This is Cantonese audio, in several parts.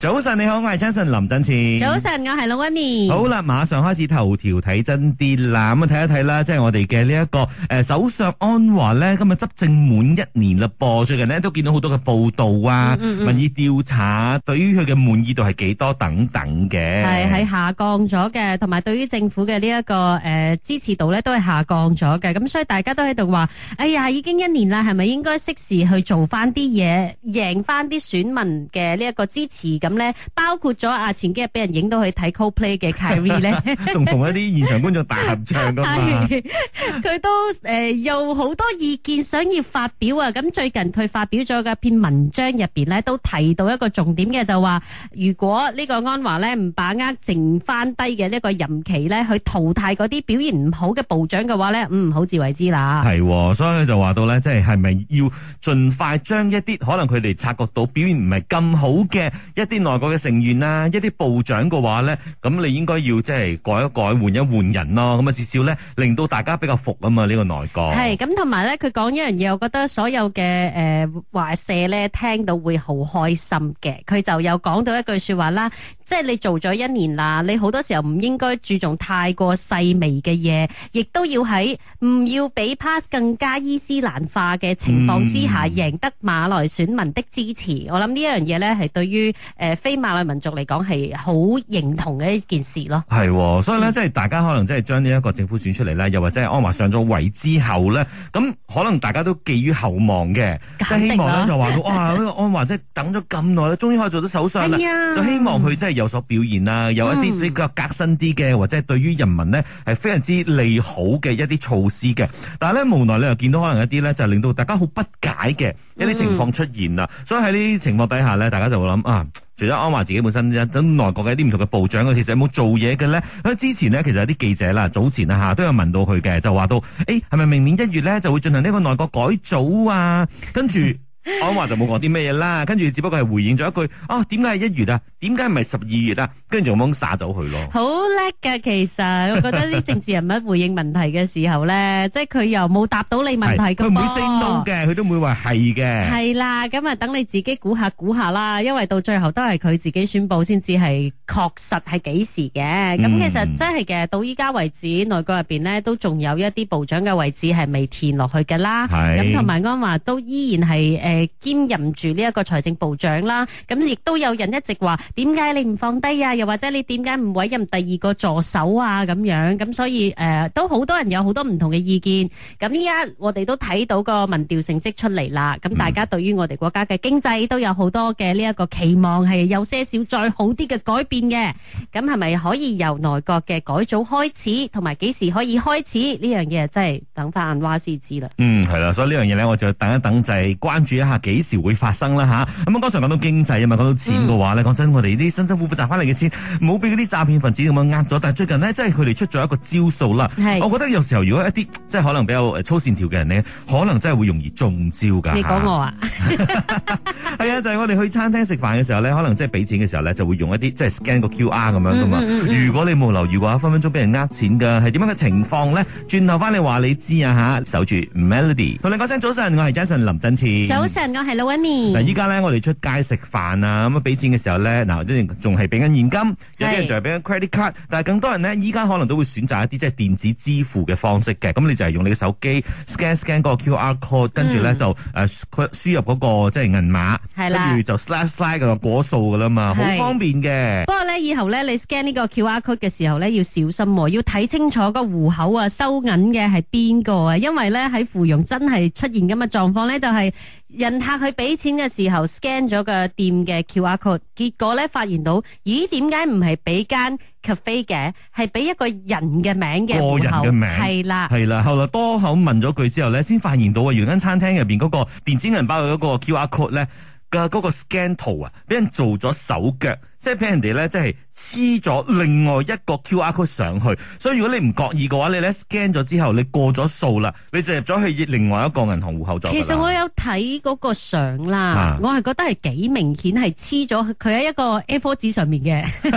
早晨，你好，我係 j 晨 s o n 林振前。早晨，我係老 Amy 好啦，馬上開始頭條睇真啲啦，咁啊睇一睇啦，即係我哋嘅呢一個誒，首、呃、相安華咧，今日執政滿一年啦噃，最近咧都見到好多嘅報道啊，嗯嗯嗯民意調查對於佢嘅滿意度係幾多等等嘅，係係下降咗嘅，同埋對於政府嘅呢一個誒、呃、支持度咧都係下降咗嘅，咁所以大家都喺度話，哎呀，已經一年啦，係咪應該適時去做翻啲嘢，贏翻啲選民嘅呢一個支持噶？咁咧，包括咗啊，前幾日俾人影到佢睇 Coldplay 嘅 Khairy 咧，仲同一啲現場觀眾大合唱噶嘛？佢都誒有好多意見想要發表啊！咁最近佢發表咗嘅一篇文章入邊咧，都提到一個重點嘅，就話如果呢個安華咧唔把握剩翻低嘅呢個任期咧，去淘汰嗰啲表現唔好嘅部長嘅話咧，嗯，好自為之啦。係，所以咧就話到咧，即係係咪要盡快將一啲可能佢哋察覺到表現唔係咁好嘅一啲。內閣嘅成員啦，一啲部長嘅話咧，咁你應該要即係改一改，換一換人咯。咁啊，至少咧令到大家比較服啊嘛。這個、內閣呢個內閣係咁，同埋咧，佢講一樣嘢，我覺得所有嘅誒華社咧聽到會好開心嘅。佢就有講到一句說話啦，即係你做咗一年啦，你好多時候唔應該注重太過細微嘅嘢，亦都要喺唔要俾 pass 更加伊斯蘭化嘅情況之下，贏、嗯、得馬來選民的支持。我諗呢一樣嘢咧，係對於誒。呃誒，非馬來民族嚟講係好認同嘅一件事咯。係，所以咧，即係大家可能即係將呢一個政府選出嚟咧，又或者係安華上咗位之後咧，咁可能大家都寄予厚望嘅，即係希望呢，就話哇，呢個安華即係等咗咁耐終於可以做到首相啦，的就希望佢真係有所表現啦，有一啲呢個革新啲嘅，嗯、或者係對於人民呢係非常之利好嘅一啲措施嘅。但係咧，無奈呢，又見到可能一啲咧就令到大家好不解嘅一啲情況出現啦。嗯、所以喺呢啲情況底下咧，大家就會諗啊～除咗安華自己本身，等內閣嘅一啲唔同嘅部長，其實有冇做嘢嘅咧？咁之前咧，其實有啲記者啦，早前啦、啊、吓，都有問到佢嘅，就話到，誒、欸，係咪明年一月咧就會進行呢個內閣改組啊？跟住 安華就冇講啲咩嘢啦，跟住只不過係回應咗一句，哦、啊，點解係一月啊？點解唔係十二月呀？跟住就掹撒走佢咯。好叻嘅，其實我覺得啲政治人物回應問題嘅時候咧， 即係佢又冇答到你問題，佢唔會升到嘅，佢都唔會話係嘅。係啦，咁啊等你自己估下估下啦，因為到最後都係佢自己宣布先至係確實係幾時嘅。咁、嗯嗯、其實真係嘅，到依家為止內閣入邊咧都仲有一啲部長嘅位置係未填落去嘅啦。咁同埋安華都依然係誒、呃、兼任住呢一個財政部長啦。咁亦都有人一直話。點解你唔放低啊？又或者你點解唔委任第二個助手啊？咁樣咁所以誒，都好多人有好多唔同嘅意見。咁依家我哋都睇到個民調成績出嚟啦。咁大家對於我哋國家嘅經濟都有好多嘅呢一個期望，係有些少再好啲嘅改變嘅。咁係咪可以由內閣嘅改組開始？同埋幾時可以開始呢樣嘢？真係等翻話先知啦。嗯，係啦，所以呢樣嘢呢，我就等一等，就係關注一下幾時會發生啦吓。咁啊，剛才講到經濟啊嘛，講到錢嘅話呢，講真。我哋啲辛辛苦苦賺翻嚟嘅錢，冇俾嗰啲詐騙分子咁樣呃咗。但係最近呢，即係佢哋出咗一個招數啦。是我覺得有時候如果一啲即係可能比較粗線條嘅人呢，可能真係會容易中招噶。你講我啊？係 啊，就係、是、我哋去餐廳食飯嘅時候呢，可能即係俾錢嘅時候呢，就會用一啲即係 scan 個 QR 咁樣噶嘛。嗯嗯嗯，如果你冇留意過，分分鐘俾人呃錢噶。係點樣嘅情況呢？轉頭翻嚟話你知啊吓，守住 Melody。同你講聲早晨，我係 Jason 林振賜。早晨，我係 Lummy。嗱，依家咧我哋出街食飯啊，咁啊俾錢嘅時候呢。嗱，即仲係俾緊現金，有啲人仲係俾緊 credit card，是但係更多人咧，依家可能都會選擇一啲即係電子支付嘅方式嘅。咁你就係用你嘅手機 scan scan 嗰個 QR code，跟住咧就誒輸入嗰個即係銀碼，跟住的就 sl slide slide 個果數噶啦嘛，好方便嘅。不過咧，以後咧你 scan 呢個 QR code 嘅時候咧，要小心，要睇清楚個戶口啊收銀嘅係邊個啊，因為咧喺芙蓉真係出現咁嘅狀況咧，就係、是。人客佢俾錢嘅時候 scan 咗個店嘅 QR code，結果咧發現到，咦，點解唔係俾間 cafe 嘅，係俾一個人嘅名嘅？個人嘅名係啦，係啦了。後來多口問咗句之後咧，先發現到啊，原來餐廳入邊嗰個電子銀包嗰個 QR code 咧嘅嗰個 scan 圖啊，俾人做咗手腳。即係俾人哋咧，即係黐咗另外一個 QR code 上去，所以如果你唔覺意嘅話，你咧 scan 咗之後，你過咗數啦，你就入咗去另外一個銀行戶口就。其實我有睇嗰個相啦，啊、我係覺得係幾明顯係黐咗佢喺一個 A4 紙上面嘅，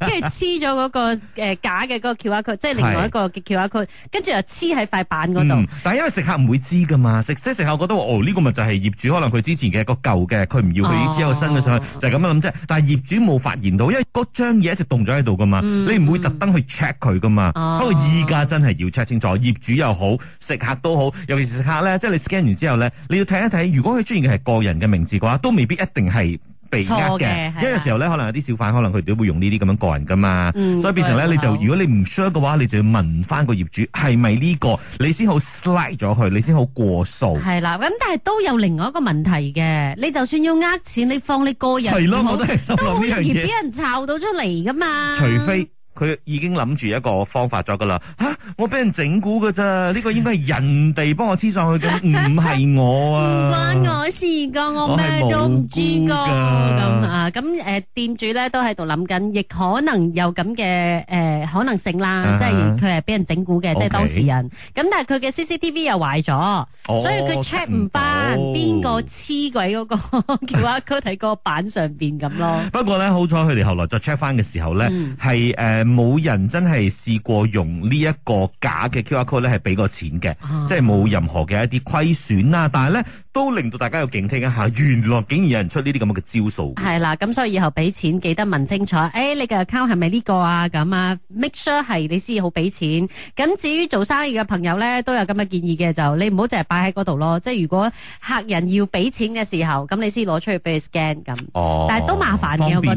跟住黐咗嗰個、呃、假嘅嗰個 QR code，即係 另外一個嘅 QR code，是跟住又黐喺塊板嗰度、嗯。但係因為食客唔會知噶嘛，食即食，食客覺得哦呢、呢個咪就係業主，可能佢之前嘅一個舊嘅，佢唔要佢，之後新嘅上去，哦、就咁樣諗即但係業主冇。冇發現到，因為嗰張嘢一直凍咗喺度噶嘛，嗯、你唔會特登去 check 佢噶嘛。不過依家真係要 check 清楚，啊、業主又好，食客都好，尤其是食客咧，即係你 scan 完之後咧，你要睇一睇。如果佢出現嘅係個人嘅名字嘅話，都未必一定係。被呃嘅，因為時候咧，可能有啲小販可能佢哋都會用呢啲咁樣個人噶嘛，嗯，所以變成咧，你就如果你唔 sure 嘅話，你就要問翻個業主係咪呢個，你先好 slide 咗佢，你先好過數。係啦，咁但係都有另外一個問題嘅，你就算要呃錢，你放你個人都好，我覺都好易俾人炒到出嚟噶嘛。除非。佢已經諗住一個方法咗㗎啦！嚇，我俾人整蠱㗎咋？呢個應該係人哋幫我黐上去嘅，唔係我啊！唔關我事㗎，我咩都唔知㗎！我唔係無辜㗎咁啊！咁誒，店主咧都喺度諗緊，亦可能有咁嘅誒可能性啦，即係佢係俾人整蠱嘅，即係當事人。咁但係佢嘅 CCTV 又壞咗，所以佢 check 唔翻邊個黐鬼嗰個，叫阿哥睇個板上邊咁咯。不過咧，好彩佢哋後來再 check 翻嘅時候咧，係誒。冇人真係試過用呢一個假嘅 QR code 咧，係俾過錢嘅，啊、即係冇任何嘅一啲虧損啦。但係咧。都令到大家要警惕一下，原來竟然有人出呢啲咁嘅招數。係啦，咁所以以後俾錢記得問清楚，誒，你嘅 account 係咪呢個啊？咁啊，make sure 係你先好俾錢。咁至於做生意嘅朋友咧，都有咁嘅建議嘅，就你唔好淨係擺喺嗰度咯。即係如果客人要俾錢嘅時候，咁你先攞出去俾佢 scan 咁。哦，但係都麻煩嘅，因為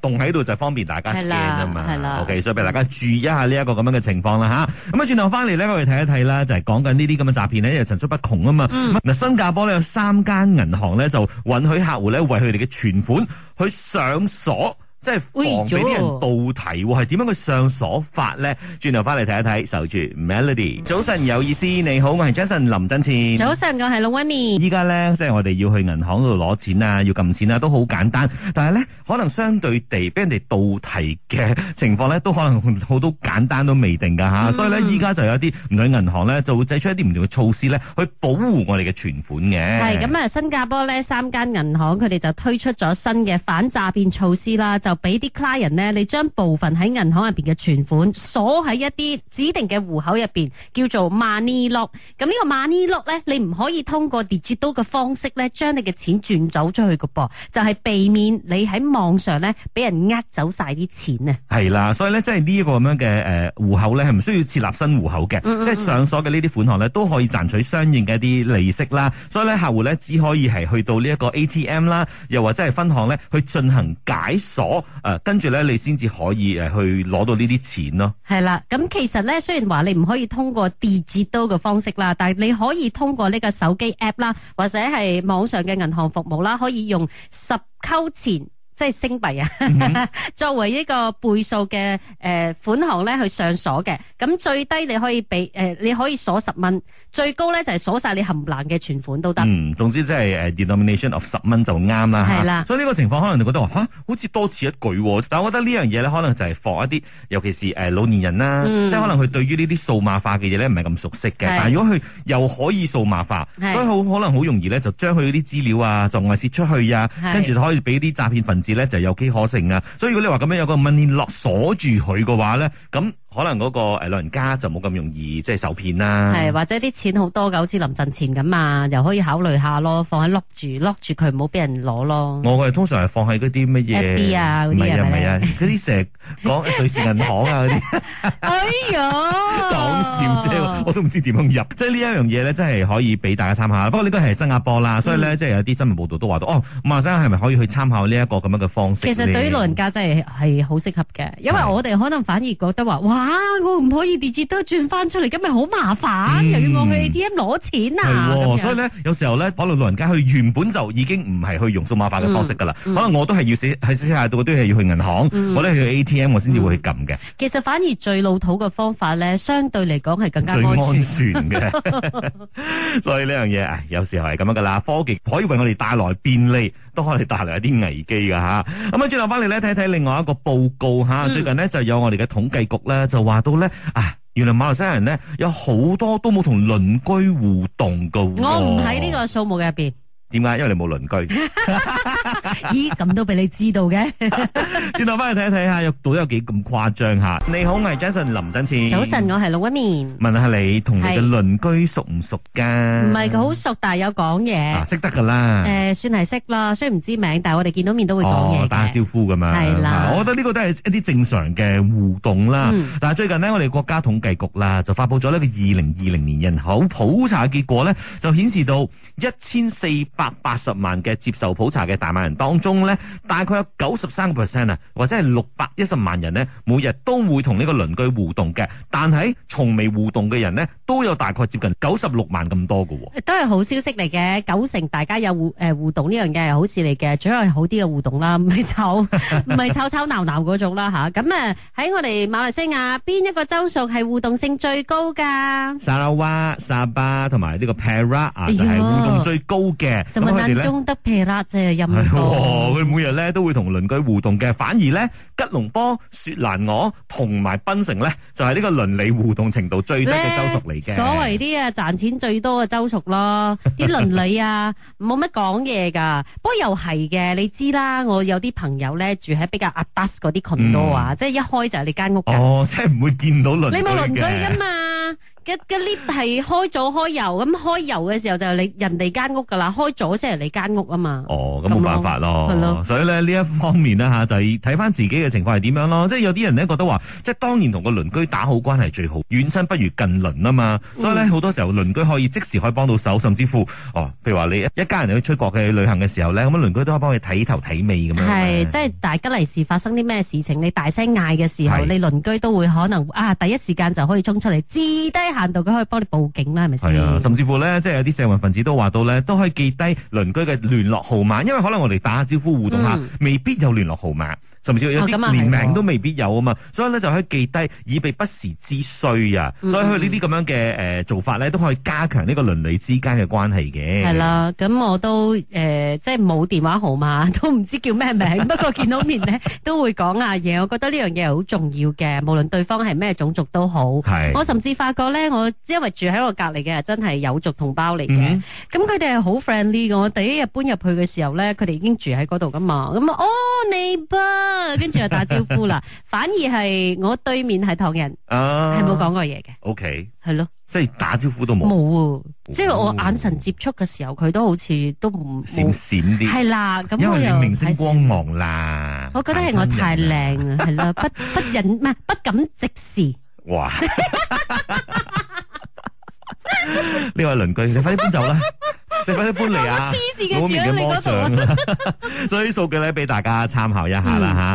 棟喺度就方便大家 scan 啊嘛。係啦，OK，所以俾大家注意一下呢一個咁樣嘅情況啦嚇。咁啊，轉頭翻嚟咧，我哋睇一睇啦，就係講緊呢啲咁嘅詐騙咧，因為層出不窮啊嘛。嗱，新加坡咧。有三間銀行咧，就允許客戶咧為佢哋嘅存款去上鎖。即係防俾啲人盜題，係點、哎、呦樣佢上鎖法咧？轉頭翻嚟睇一睇，守住 Melody。早晨有意思，你好，我係 Jason 林真倩。早晨，我係露薇妮。依家咧，即係我哋要去銀行嗰度攞錢啊，要撳錢啊，都好簡單。但係咧，可能相對地，俾人哋盜題嘅情況咧，都可能好多簡單都未定噶吓。嗯、所以咧，依家就有啲唔同銀行咧，就會制出一啲唔同嘅措施咧，去保護我哋嘅存款嘅。係咁啊，新加坡咧三間銀行佢哋就推出咗新嘅反詐騙措施啦。就俾啲 client 咧，你將部分喺銀行入邊嘅存款鎖喺一啲指定嘅戶口入邊，叫做 money lock 咁呢個 money lock 咧，你唔可以通過 digital 嘅方式咧，將你嘅錢轉走出去嘅噃，就係、是、避免你喺網上咧俾人呃走晒啲錢啊。係啦，所以咧，即係呢一個咁樣嘅誒戶口咧，係唔需要設立新戶口嘅，即係、嗯嗯嗯、上鎖嘅呢啲款項咧，都可以賺取相應嘅一啲利息啦。所以咧，客戶咧只可以係去到呢一個 ATM 啦，又或者係分行咧去進行解鎖。誒，跟住咧，你先至可以誒去攞到呢啲錢咯。係啦，咁其實咧，雖然話你唔可以通過地接刀嘅方式啦，但係你可以通過呢個手機 app 啦，或者係網上嘅銀行服務啦，可以用十扣錢。即係升幣啊，嗯哼！ 作為一個倍數嘅誒款項咧，去上鎖嘅。咁最低你可以俾誒、呃，你可以鎖十蚊，最高咧就係鎖晒你冚爛嘅存款都得。嗯，總之即、就、係、是 uh, denomination of 十蚊就啱啦嚇。啦的、啊，所以呢個情況可能你覺得話、啊、好似多此一舉、啊。但我覺得呢樣嘢咧，可能就係防一啲，尤其是、呃、老年人啦、啊，嗯、即係可能佢對於呢啲數碼化嘅嘢咧唔係咁熟悉嘅。的但如果佢又可以數碼化，的所以好可能好容易咧就將佢啲資料啊，就外泄出去啊，跟住的就可以俾啲詐騙分子。咧就有機可乘啊！所以如果你話咁樣有個個問落鎖住佢嘅話咧，咁。可能嗰個誒老人家就冇咁容易即係受騙啦，係或者啲錢好多噶，好似臨陣前咁啊，又可以考慮下咯，放喺 lock 住 lock 住佢，唔好俾人攞咯。我哋通常係放喺嗰啲乜嘢，唔係啊，唔係啊，嗰啲成日講瑞士銀行啊，哎呀呦，講笑啫，我都唔知點樣入，即係呢一樣嘢咧，真係可以俾大家參考。不過呢個係新加坡啦，嗯、所以咧即係有啲新聞報道都話到，哦，馬生係咪可以去參考呢一個咁樣嘅方式？其實對於老人家真係係好適合嘅，因為我哋可能反而覺得話哇。啊！我唔可以直接都轉翻出嚟，咁咪好麻煩，嗯、又要我去 A T M 攞錢啊！的樣所以咧，有時候咧，可能老人家佢原本就已經唔係去用數碼化嘅方式噶啦，嗯嗯、可能我都係要寫喺書寫度，都係要去銀行，嗯、我咧去 A T M 我先至會去撳嘅、嗯嗯嗯。其實反而最老土嘅方法咧，相對嚟講係更加安全嘅。 所以呢樣嘢，有時候係咁樣噶啦，科技可以為我哋帶來便利。都可以帶嚟一啲危機噶吓，咁啊轉頭翻嚟咧睇睇另外一個報告吓。啊嗯、最近咧就有我哋嘅統計局咧就話到咧啊，原來馬來西亞人咧有好多都冇同鄰居互動嘅、哦。我唔喺呢個數目入邊。點解？因為你冇鄰居。咦，咁都俾你知道嘅。轉頭翻去睇一睇下，又到底有幾咁誇張吓？你好，我係 Jason 林振賜。早晨，我係陸威明。問下你同你嘅鄰居熟唔熟噶？唔係佢好熟，但係有講嘢。識得噶啦。誒，算係識啦，雖然唔知名，但係我哋見到面都會講嘢嘅。打下招呼咁樣。係啦，我覺得呢個都係一啲正常嘅互動啦。但，最近呢，我哋國家統計局啦就發布咗呢個二零二零年人口普查嘅結果咧，就顯示到一千四。百八十萬嘅接受普查嘅大馬人當中咧，大概有九十三個 percent 啊，或者係六百一十萬人咧，每日都會同呢個鄰居互動嘅。但係從未互動嘅人咧，都有大概接近九十六萬咁多㗎喎。都係好消息嚟嘅，九成大家有互誒、呃、互動呢樣嘢係好事嚟嘅，主要係好啲嘅互動啦，唔係吵唔係吵吵鬧鬧嗰種啦吓。咁啊喺我哋馬來西亞邊一個州屬係互動性最高噶？沙拉哇、沙巴同埋呢個 Perak 啊，係互動最高嘅，哎呀。食物當中得皮辣就入唔多，佢每日咧都會同鄰居互動嘅，反而咧吉隆坡、雪蘭莪同埋檳城咧就係呢個鄰里互動程度最低嘅州屬嚟嘅。所謂啲啊賺錢最多嘅州屬咯，啲鄰里啊冇乜講嘢噶。不過又係嘅，你知啦，我有啲朋友咧住喺比較阿達斯嗰啲群多啊，嗯、即係一開就係你間屋哦，即係唔會見到鄰居嘛？你 嘅嘅 lift 係開左開右，咁開右嘅時候就係你人哋間屋㗎啦，開左先係你間屋啊嘛。哦，咁冇辦法咯，所以呢呢一方面呢吓就係睇返自己嘅情況係點樣咯。即係有啲人呢覺得話，即係當然同個鄰居打好關係最好，遠親不如近鄰啊嘛。所以呢好多時候鄰居可以即時可以幫到手，甚至乎哦，譬如話你一家人去出國去旅行嘅時候呢，咁樣鄰居都可以幫你睇頭睇尾咁樣。係，即係大吉利是發生啲咩事情，你大聲嗌嘅時候，你鄰居都會可能啊第一時間就可以衝出嚟，制低。限度佢可以幫你報警啦，係咪先？係啊，甚至乎咧，即係有啲社運分子都話到咧，都可以記低鄰居嘅聯絡號碼，因為可能我哋打下招呼互動下，嗯、未必有聯絡號碼。甚至連名都未必有啊嘛？哦哦、所以咧就可以記低，以備不時之需啊！Mm hmm. 所以佢呢啲咁樣嘅誒做法咧，都可以加強呢個鄰里之間嘅關係嘅。係啦，咁我都誒、呃，即係冇電話號碼，都唔知叫咩名。 不過見到面咧都會講下嘢，我覺得呢樣嘢好重要嘅。無論對方係咩種族都好，是我甚至發覺咧，我只因為住喺我隔籬嘅真係有族同胞嚟嘅。咁佢哋係好 friendly 嘅。我第一日搬入去嘅時候咧，佢哋已經住喺嗰度噶嘛。咁啊哦，你啊，跟住就打招呼啦，反而係我對面係唐人，係冇講過嘢嘅。OK，係咯，即係打招呼都冇，冇，即係我眼神接觸嘅時候，佢都好似都唔閃閃啲，係啦，咁因為明星光芒啦。我覺得係我太靚啦，係咯，不不忍咩，不敢直視。哇！呢位鄰居，你快啲搬走啦！你快啲搬嚟啊，面嘅魔掌，你嗰度，呵呵，所以數據咧，俾大家參考一下啦。